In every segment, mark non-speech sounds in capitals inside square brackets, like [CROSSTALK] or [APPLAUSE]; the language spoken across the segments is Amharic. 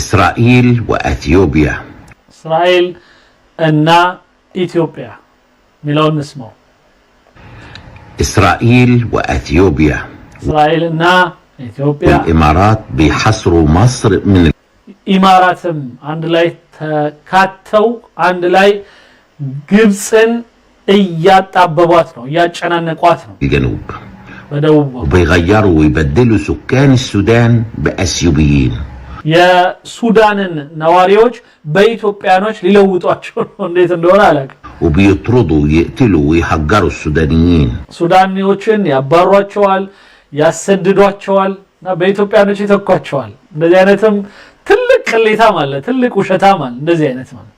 እስራኤል ወኢትዮጵያ እስራኤል እና ኢትዮጵያ ሚለውን እንስማው። እስራኤል ወኢትዮጵያ እስራኤል እና ኢትዮጵያ ኢማራት ቢሐስሩ ማስር ምን ኢማራትም አንድ ላይ ተካተው አንድ ላይ ግብፅን እያጣበቧት ነው፣ እያጨናነቋት ነው። وبيغيروا ويبدلوا سكان السودان بأثيوبيين የሱዳንን ነዋሪዎች በኢትዮጵያኖች ሊለውጧቸው ነው። እንዴት እንደሆነ አላውቅም። ወቢየጥሩዱ ይቅትሉ ወይሐገሩ ሱዳንይን ሱዳኒዎችን ያባሯቸዋል፣ ያሰድዷቸዋል እና በኢትዮጵያኖች ይተኳቸዋል። እንደዚህ አይነትም ትልቅ ቅሌታም አለ፣ ትልቅ ውሸታም አለ። እንደዚህ አይነት ማለት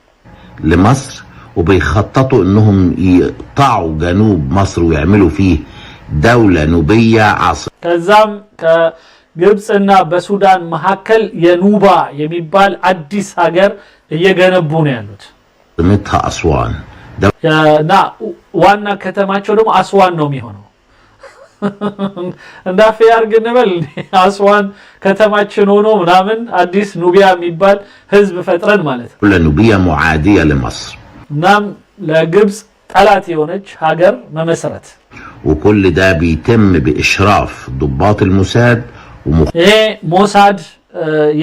ለማስር وبيخططوا انهم يقطعوا جنوب مصر ويعملوا فيه ደውለ ኑብያ ዓስ ከዛም ከግብፅና በሱዳን መካከል የኑባ የሚባል አዲስ ሀገር እየገነቡ ነው ያሉት። ምታ አስዋን እና ዋና ከተማቸው ደግሞ አስዋን ነው የሚሆነው። እንዳፌ አርግ እንበል አስዋን ከተማችን ሆኖ ምናምን አዲስ ኑቢያ የሚባል ህዝብ ፈጥረን ማለት ነው። ለኑቢያ ሙዓዲያ ለመስር እናም ለግብፅ ጠላት የሆነች ሀገር መመስረት وكل ده بيتم بإشراف ضباط الموساد ይሄ ሞሳድ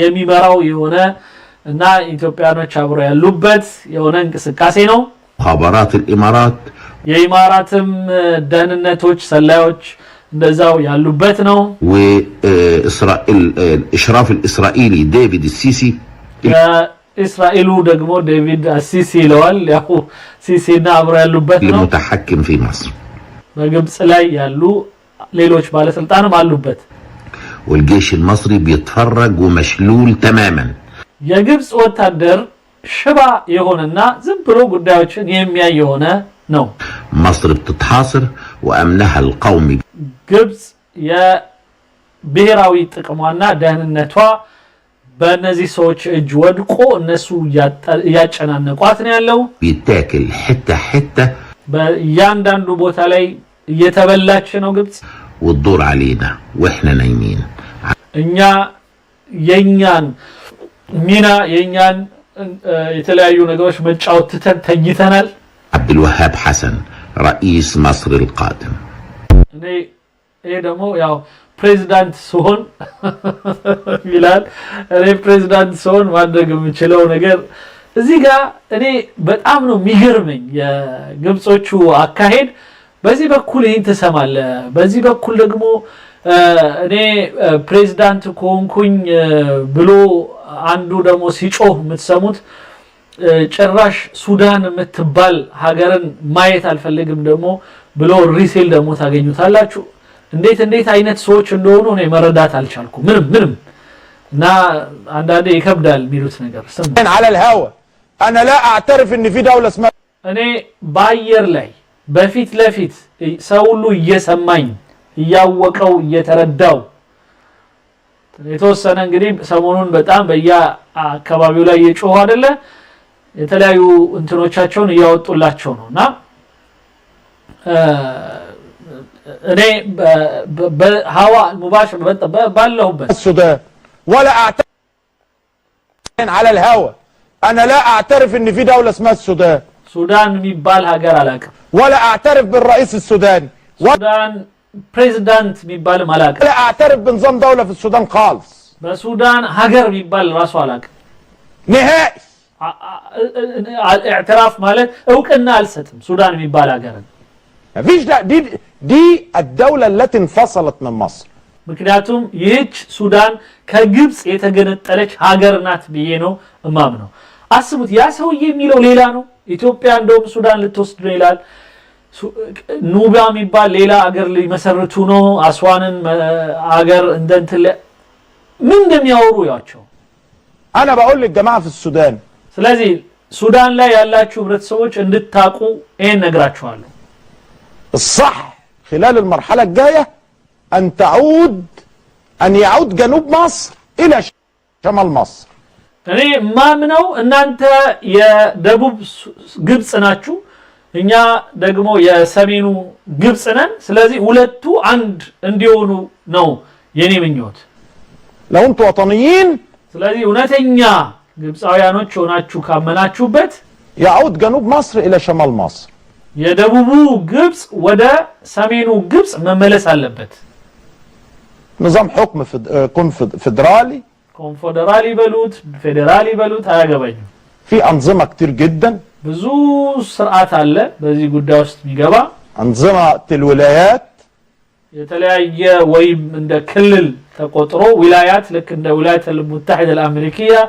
የሚመራው የሆነ እና ኢትዮጵያኖች አብረው ያሉበት የሆነ እንቅስቃሴ ነው። مخابرات الإمارات የኢማራትም ደህንነቶች ሰላዮች እንደዛው ያሉበት ነው። وإسرائيل الإشراف الإسرائيلي ديفيد السيسي እስራኤሉ ደግሞ ዴቪድ ሲሲ ይለዋል። ያው ሲሲና አብሮ ያሉበት ነው። ሙተሐኪም ፊ መስር በግብፅ ላይ ያሉ ሌሎች ባለስልጣንም አሉበት። ወልጄሽ አልመصري بيتفرج ومشلول تماما የግብፅ ወታደር ሽባ የሆነና ዝም ብሎ ጉዳዮችን የሚያይ የሆነ ነው። مصر بتتحاصر وامنها القومي ግብፅ የብሔራዊ ጥቅሟና ደህንነቷ በእነዚህ ሰዎች እጅ ወድቆ እነሱ እያጨናነቋት ነው ያለው። ይታከል ሐታ ሐታ በእያንዳንዱ ቦታ ላይ እየተበላች ነው ግብጽ። ወዱር አለና ወህና ነይሚን እኛ የኛን ሚና የኛን የተለያዩ ነገሮች መጫወት ትተን ተኝተናል። አብዱልዋሃብ ሐሰን ረኢስ መስር አልቃድም እኔ ይሄ ደግሞ ያው ፕሬዚዳንት ስሆን [LAUGHS] ይላል። እኔ ፕሬዚዳንት ስሆን ማድረግ የምችለው ነገር እዚህ ጋ እኔ በጣም ነው የሚገርመኝ የግብጾቹ አካሄድ። በዚህ በኩል ይህን ትሰማለህ፣ በዚህ በኩል ደግሞ እኔ ፕሬዚዳንት ከሆንኩኝ ብሎ አንዱ ደግሞ ሲጮህ የምትሰሙት ጭራሽ ሱዳን የምትባል ሀገርን ማየት አልፈልግም ደግሞ ብሎ ሪሴል ደግሞ ታገኙታላችሁ። እንዴት እንዴት አይነት ሰዎች እንደሆኑ እኔ መረዳት አልቻልኩ። ምንም ምንም እና አንዳንዴ ይከብዳል የሚሉት ነገር እኔ በአየር ላይ በፊት ለፊት ሰው ሁሉ እየሰማኝ እያወቀው እየተረዳው የተወሰነ እንግዲህ ሰሞኑን በጣም አካባቢው ላይ እየጮሁ አይደለ የተለያዩ እንትኖቻቸውን እያወጡላቸው ነው እና እኔ በሀዋ ሙባሽ ባለሁበት እሱ ወላ አዕተርፍ አለ ልሀዋ أنا لا أعترف إن في دولة اسمها السودان. السودان ميبال هاجر لك. ولا أعترف بالرئيس السوداني. السودان بريزيدنت ميبال ملاك. لا أعترف بنظام دولة في السودان خالص. السودان هاجر ميبال راسه لك. نهائي. الاعتراف مالك أو كنا السودان ميبال هاجرن. مفيش لا دي دي الدولة التي انفصلت من مصر ምክንያቱም ይህች ሱዳን ከግብፅ የተገነጠለች ሀገር ናት ብዬ ነው እማም ነው። አስቡት፣ ያ ሰውዬ የሚለው ሌላ ነው። ኢትዮጵያ እንደውም ሱዳን ልትወስድ ነው ይላል። ኑባ የሚባል ሌላ አገር ሊመሰርቱ ነው። አስዋንን አገር እንደንት ምን እንደሚያወሩ ያቸው አና በአሁን ልጀማ ፍ ሱዳን። ስለዚህ ሱዳን ላይ ያላችሁ ህብረተሰቦች እንድታቁ ይህን ነግራችኋለሁ። الصح خلال المرحلة الجاية أن تعود أن يعود جنوب مصر إلى شمال مصر يعني ما منو أن أنت يا دبوب جبس ناتشو إنيا دقمو يا سمينو جبس نان سلازي ولدتو عند انديونو نو يني من يوت لو أنتو وطنيين سلازي ونات إنيا جبس آيانو تشو ناتشو كامناتشو بيت يعود جنوب مصر إلى شمال مصر የደቡቡ ግብፅ ወደ ሰሜኑ ግብፅ መመለስ አለበት። ኒዛም ሁክም ፌዴራሊ ኮንፌዴራል ይበሉት ፌዴራል ይበሉት አያገባኝም። ፊ አንዝማ ክቲር ጅደን ብዙ ስርዓት አለ በዚህ ጉዳይ ውስጥ የሚገባ አንዝማ ትል የተለያየ ወይም እንደ ክልል تقطرو ولايات ልክ እንደ المتحدة الامريكية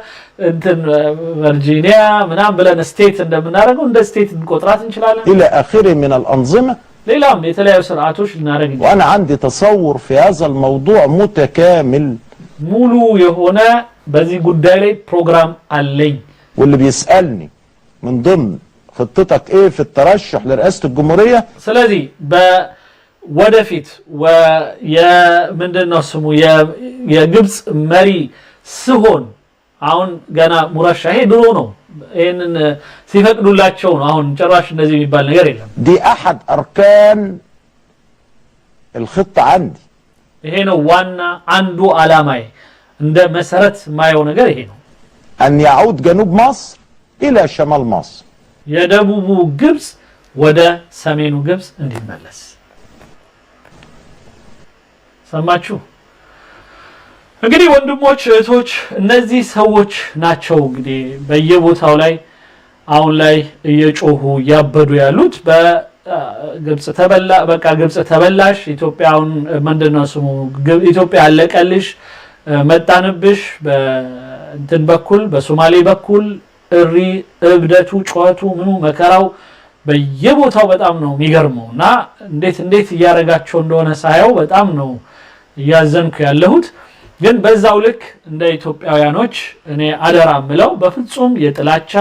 እንትን ቨርጂኒያ ምናም ብለን ስቴት እንደምናደርገው እንደ ስቴት እንቆጥራት እንችላለን الى اخره من الانظمه ሌላም የተለያዩ ስርዓቶች ልናደርግ وانا عندي تصور في هذا الموضوع متكامل مولو يهونا بزي قدالي ላይ اللي واللي بيسالني من ضمن خطتك ايه في الترشح لرئاسه الجمهوريه ስለዚህ ወደፊት ምንድነው ስሙ የግብፅ መሪ ስሆን አሁን ገና ሙረሻ ይሄ ድሮ ነው። ይህንን ሲፈቅዱላቸው ነው። አሁን ጭራሽ እንደዚህ የሚባል ነገር የለም። ዲ አሐድ አርካን الخطة عندي ይሄ ነው ዋና አንዱ ዓላማዬ እንደ መሰረት ማየው ነገር ይሄ ነው። አን ያዑድ ገኑብ ማስር ኢላ ሸማል ማስር የደቡቡ ግብፅ ወደ ሰሜኑ ግብፅ እንዲመለስ ሰማችሁ? እንግዲህ ወንድሞች እህቶች፣ እነዚህ ሰዎች ናቸው እንግዲህ በየቦታው ላይ አሁን ላይ እየጮሁ እያበዱ ያሉት በግብጽ ተበላ በቃ ግብጽ ተበላሽ፣ ኢትዮጵያውን ምንድን ስሙ ኢትዮጵያ አለቀልሽ፣ መጣንብሽ፣ በእንትን በኩል በሶማሌ በኩል እሪ እብደቱ፣ ጩኸቱ፣ ምኑ መከራው በየቦታው በጣም ነው የሚገርመው እና እንዴት እንዴት እያደረጋቸው እንደሆነ ሳየው በጣም ነው እያዘንኩ ያለሁት ግን በዛው ልክ እንደ ኢትዮጵያውያኖች እኔ አደራ ምለው በፍጹም የጥላቻ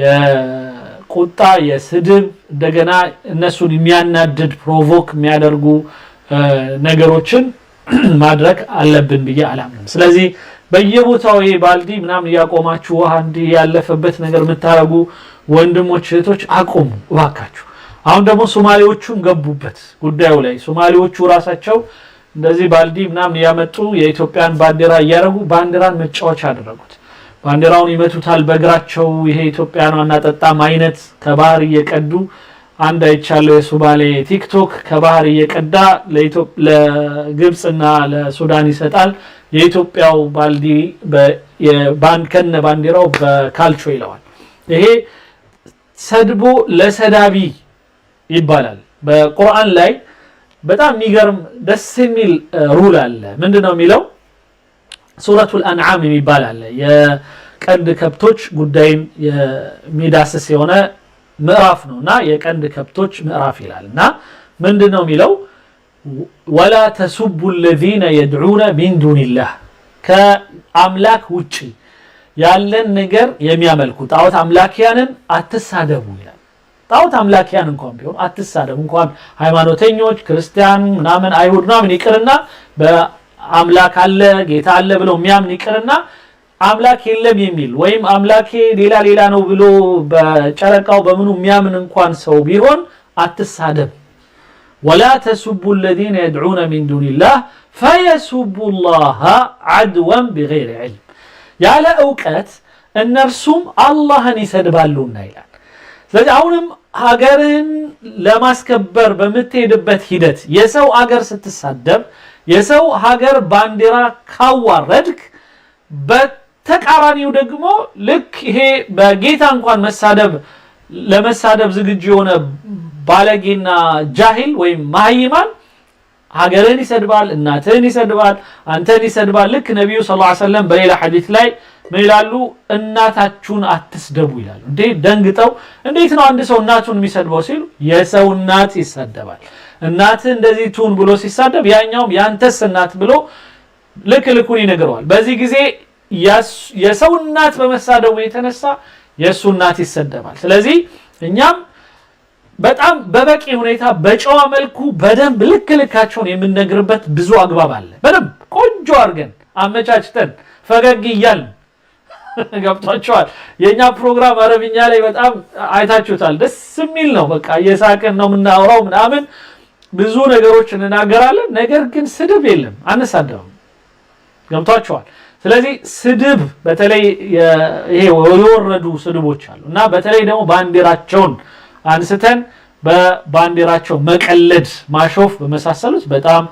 የቁጣ የስድብ እንደገና እነሱን የሚያናድድ ፕሮቮክ የሚያደርጉ ነገሮችን [CLEARS THROAT] ማድረግ አለብን ብዬ አላምንም። ስለዚህ በየቦታው ባልዲ ምናምን እያቆማችሁ ውሃ እንዲህ ያለፈበት ነገር የምታደርጉ ወንድሞች እህቶች አቆሙ እባካችሁ። አሁን ደግሞ ሶማሌዎቹም ገቡበት ጉዳዩ ላይ ሶማሌዎቹ ራሳቸው እንደዚህ ባልዲ ምናምን ያመጡ የኢትዮጵያን ባንዲራ እያደረጉ ባንዲራን መጫወቻ አደረጉት። ባንዲራውን ይመቱታል በእግራቸው። ይሄ ኢትዮጵያን አናጠጣም አይነት ከባህር እየቀዱ አንድ አይቻለው የሱማሌ ቲክቶክ ከባህር እየቀዳ ለግብፅና ለሱዳን ይሰጣል። የኢትዮጵያው ባልዲ ከነ ባንዲራው በካልቾ ይለዋል። ይሄ ሰድቦ ለሰዳቢ ይባላል በቁርአን ላይ በጣም የሚገርም ደስ የሚል ሩል አለ። ምንድን ነው የሚለው? ሱረቱል አንዓም የሚባል አለ። የቀንድ ከብቶች ጉዳይን የሚዳስስ የሆነ ምዕራፍ ነው እና የቀንድ ከብቶች ምዕራፍ ይላል እና ምንድን ነው የሚለው? ወላ ተሱቡ ለዚነ የድዑነ ሚን ዱንላህ ከአምላክ ውጭ ያለን ነገር የሚያመልኩ ጣዖት አምላኪያንን አትሳደቡ ይላል። ጣዖት አምላኪያን እንኳን ቢሆን አትሳደብ። እንኳን ሃይማኖተኞች፣ ክርስቲያን ምናምን፣ አይሁድ ምናምን ይቅርና በአምላክ አለ ጌታ አለ ብለው የሚያምን ይቅርና አምላክ የለም የሚል ወይም አምላኬ ሌላ ሌላ ነው ብሎ በጨረቃው በምኑ የሚያምን እንኳን ሰው ቢሆን አትሳደብ። ወላ ተሱቡ ለዚነ የድዑነ ሚን ዱኒላህ ፈየሱቡ አላህ ዐድወን ቢገይሪ ዕልም፣ ያለ እውቀት እነርሱም አላህን ይሰድባሉና ይላል። ስለዚህ አሁንም ሀገርን ለማስከበር በምትሄድበት ሂደት የሰው ሀገር ስትሳደብ፣ የሰው ሀገር ባንዲራ ካዋረድክ፣ በተቃራኒው ደግሞ ልክ ይሄ በጌታ እንኳን መሳደብ ለመሳደብ ዝግጁ የሆነ ባለጌና ጃሂል ወይም ማህይማን ሀገርን ይሰድባል፣ እናትህን ይሰድባል፣ አንተን ይሰድባል። ልክ ነቢዩ ሰለላሁ ዐለይሂ ወሰለም በሌላ ሐዲት ላይ ምን ይላሉ? እናታችሁን አትስደቡ ይላሉ። እንዴ ደንግጠው፣ እንዴት ነው አንድ ሰው እናቱን የሚሰድበው ሲሉ፣ የሰው እናት ይሰደባል። እናት እንደዚህ ቱን ብሎ ሲሳደብ ያኛውም ያንተስ እናት ብሎ ልክ ልኩን ይነግረዋል። በዚህ ጊዜ የሰው እናት በመሳደቡ የተነሳ የእሱ እናት ይሰደባል። ስለዚህ እኛም በጣም በበቂ ሁኔታ በጨዋ መልኩ በደንብ ልክ ልካቸውን የምንነግርበት ብዙ አግባብ አለ። በደንብ ቆንጆ አድርገን አመቻችተን ፈገግ እያልን [LAUGHS] ገብቷቸዋል። የእኛ ፕሮግራም አረብኛ ላይ በጣም አይታችሁታል። ደስ የሚል ነው። በቃ እየሳቅን ነው የምናወራው ምናምን ብዙ ነገሮች እንናገራለን። ነገር ግን ስድብ የለም፣ አነሳደብም። ገብቷቸዋል። ስለዚህ ስድብ በተለይ ይሄ የወረዱ ስድቦች አሉ እና በተለይ ደግሞ ባንዲራቸውን አንስተን በባንዲራቸው መቀለድ፣ ማሾፍ በመሳሰሉት በጣም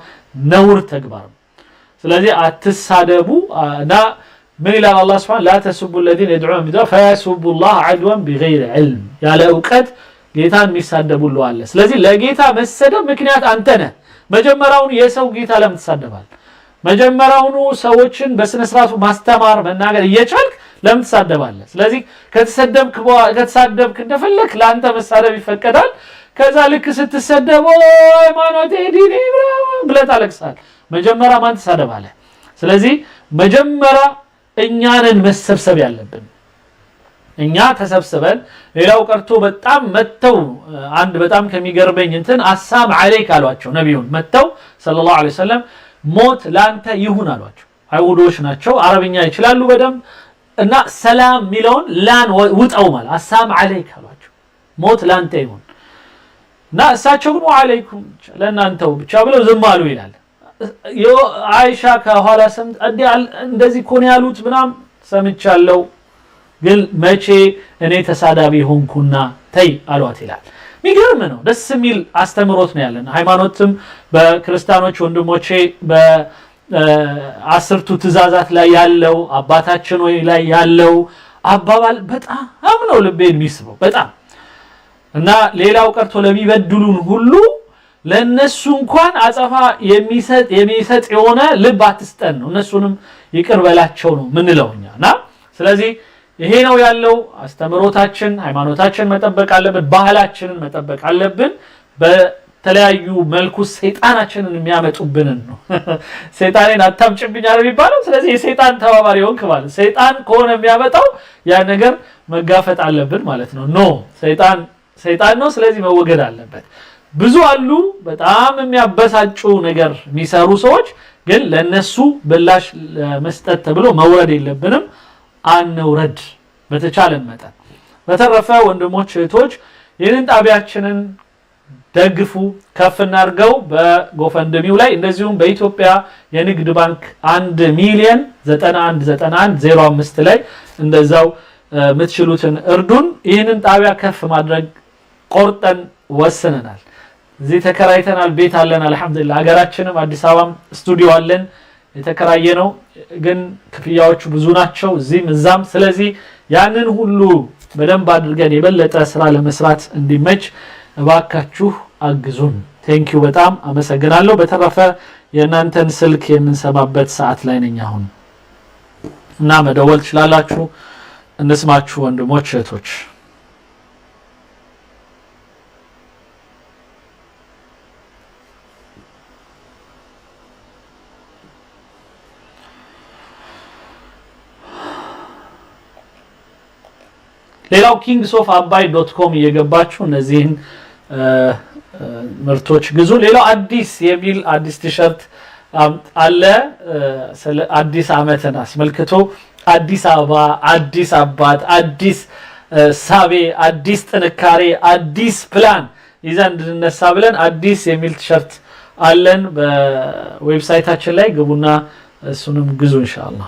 ነውር ተግባር ነው። ስለዚህ አትሳደቡ እና ምን ይላል አላህ ስብሐ ላ ተስቡ ለዚነ የድዑነ ሚን ዱኒሂ ፈየስቡ ላህ ዐድወን ቢገይሪ ዒልም ያለ እውቀት ጌታን የሚሳደቡ ሁሉ አለ። ስለዚህ ለጌታ መሰደብ ምክንያት አንተ ነህ። መጀመሪያውኑ የሰው ጌታ ለምን ትሳደባለህ? መጀመሪያውኑ ሰዎችን በስነ ስርዓቱ ማስተማር መናገር እየቻልክ ለምን ትሳደባለህ? ስለዚህ ከተሰደብክ ከተሳደብክ እንደፈለክ ለአንተ መሳደብ ይፈቀዳል። ከዛ ልክ ስትሰደብ ሃይማኖቴ ዲኔ ብለህ ታለቅሳለህ። መጀመሪያ ማን ትሳደባለህ? ስለዚህ መጀመሪያ እኛንን መሰብሰብ ያለብን እኛ ተሰብስበን ሌላው ቀርቶ በጣም መተው አንድ በጣም ከሚገርመኝ እንትን አሳም አለይክ አሏቸው ነቢዩን መተው ሰለላሁ ዐለይሂ ወሰለም ሞት ለአንተ ይሁን አሏቸው አይሁዶች ናቸው አረብኛ ይችላሉ በደንብ እና ሰላም የሚለውን ላን ውጠው ማለት አሳም አለይክ አሏቸው ሞት ለአንተ ይሁን እና እሳቸው ግን አለይኩም ለእናንተው ብቻ ብለው ዝም አሉ ይላል አይሻ ከኋላ እንደዚህ ኮን ያሉት ምናም ሰምቻለሁ፣ ግን መቼ እኔ ተሳዳቢ ሆንኩና ተይ አሏት ይላል። ሚገርም ነው። ደስ የሚል አስተምሮት ነው ያለን። ሃይማኖትም በክርስቲያኖች ወንድሞቼ በአስርቱ ትእዛዛት ላይ ያለው አባታችን ወይ ላይ ያለው አባባል በጣም ነው ልቤ የሚስበው በጣም እና ሌላው ቀርቶ ለሚበድሉን ሁሉ ለእነሱ እንኳን አጸፋ የሚሰጥ የሚሰጥ የሆነ ልብ አትስጠን ነው፣ እነሱንም ይቅር በላቸው ነው ምንለው እኛ እና ስለዚህ ይሄ ነው ያለው አስተምሮታችን። ሃይማኖታችን መጠበቅ አለብን፣ ባህላችንን መጠበቅ አለብን። በተለያዩ መልኩ ሰይጣናችንን የሚያመጡብንን ነው። [LAUGHS] ሰይጣኔን አታምጭብኝ አለ የሚባለው። ስለዚህ የሰይጣን ተባባሪ ሆንክ ማለት ሰይጣን ከሆነ የሚያመጣው ያ ነገር መጋፈጥ አለብን ማለት ነው። ኖ ሰይጣን ሰይጣን ነው፣ ስለዚህ መወገድ አለበት። ብዙ አሉ። በጣም የሚያበሳጩ ነገር የሚሰሩ ሰዎች ግን ለነሱ ብላሽ መስጠት ተብሎ መውረድ የለብንም። አንውረድ በተቻለን መጠን። በተረፈ ወንድሞች እህቶች፣ ይህንን ጣቢያችንን ደግፉ፣ ከፍ እናድርገው በጎፈንድሚው ላይ እንደዚሁም በኢትዮጵያ የንግድ ባንክ 1 ሚሊዮን 919105 ላይ እንደዛው የምትችሉትን እርዱን። ይህንን ጣቢያ ከፍ ማድረግ ቆርጠን ወስነናል። እዚህ ተከራይተናል፣ ቤት አለን። አልሐምዱሊላ ሀገራችንም አዲስ አበባም ስቱዲዮ አለን። የተከራየ ነው ግን ክፍያዎቹ ብዙ ናቸው፣ እዚህም እዛም። ስለዚህ ያንን ሁሉ በደንብ አድርገን የበለጠ ስራ ለመስራት እንዲመች እባካችሁ አግዙን። ቴንኪዩ፣ በጣም አመሰግናለሁ። በተረፈ የእናንተን ስልክ የምንሰማበት ሰዓት ላይ ነኝ አሁን እና መደወል ትችላላችሁ። እንስማችሁ ወንድሞች እህቶች። ሌላው ኪንግስ ኦፍ አባይ ዶት ኮም እየገባችሁ እነዚህን ምርቶች ግዙ። ሌላው አዲስ የሚል አዲስ ቲሸርት አለ። ስለ አዲስ ዓመትን አስመልክቶ አዲስ አበባ፣ አዲስ አባት፣ አዲስ ሳቤ፣ አዲስ ጥንካሬ፣ አዲስ ፕላን ይዘን እንድንነሳ ብለን አዲስ የሚል ቲሸርት አለን። በዌብሳይታችን ላይ ግቡና እሱንም ግዙ እንሻላ።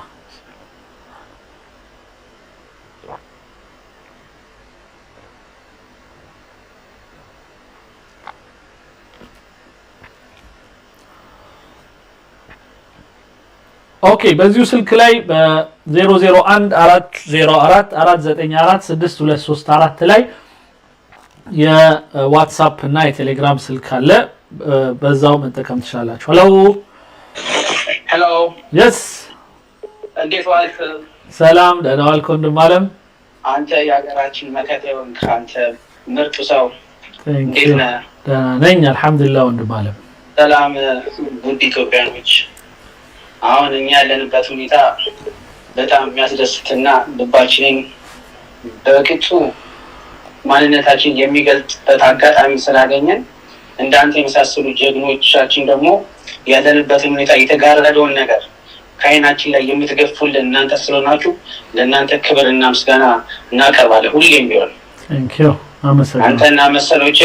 ኦኬ በዚሁ ስልክ ላይ በ001 404 494 6234 ላይ የዋትሳፕ እና የቴሌግራም ስልክ አለ። በዛው መጠቀም ትችላላችሁ። ሄሎ ሄሎ፣ የስ እንዴት ዋልክ? ሰላም ደህና ዋልክ ወንድም አለም። አንተ የሀገራችን መከታ የሆንክ አንተ ምርጡ ሰው እንዴት ነህ? ደህና ነኝ አልሐምዱሊላህ ወንድም አለም። ሰላም ውድ ኢትዮጵያኖች አሁን እኛ ያለንበት ሁኔታ በጣም የሚያስደስትና ልባችንን በቅጡ ማንነታችን የሚገልጥበት አጋጣሚ ስላገኘን እንዳንተ የመሳሰሉ ጀግኖቻችን ደግሞ ያለንበትን ሁኔታ የተጋረደውን ነገር ከአይናችን ላይ የምትገፉልን እናንተ ስለሆናችሁ ለእናንተ ክብር እና ምስጋና እናቀርባለን። ሁሌም የሚሆን አንተና መሰሎች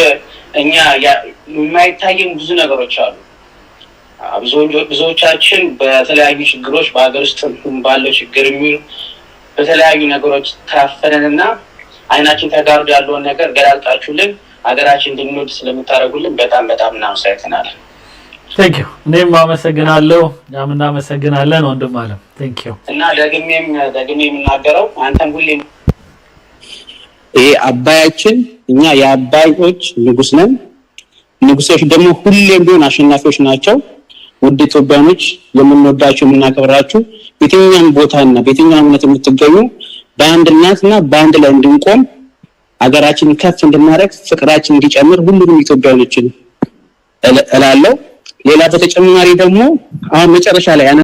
እኛ የማይታየን ብዙ ነገሮች አሉ ብዙዎቻችን በተለያዩ ችግሮች በሀገር ውስጥ ባለው ችግር የሚሉ በተለያዩ ነገሮች ታፈነን እና አይናችን ተጋርዶ ያለውን ነገር ገላልጣችሁልን ሀገራችን እንድንወድ ስለምታደረጉልን በጣም በጣም እናመሰግናለን። ቴንክ እኔም አመሰግናለሁ። እኛም እናመሰግናለን ወንድም አለም ቴንክ እና ደግሜም ደግሜ የምናገረው አንተም ሁሌም ይሄ አባያችን እኛ የአባዮች ንጉስ ነን። ንጉሶች ደግሞ ሁሌም ቢሆን አሸናፊዎች ናቸው። ውድ ኢትዮጵያኖች የምንወዳችሁ የምናከብራችሁ በየትኛውም ቦታና በየትኛውም እምነት የምትገኙ በአንድ እናትና በአንድ ላይ እንድንቆም ሀገራችንን ከፍ እንድናደረግ ፍቅራችን እንዲጨምር ሁሉንም ኢትዮጵያኖችን እላለሁ። ሌላ በተጨማሪ ደግሞ አሁን መጨረሻ ላይ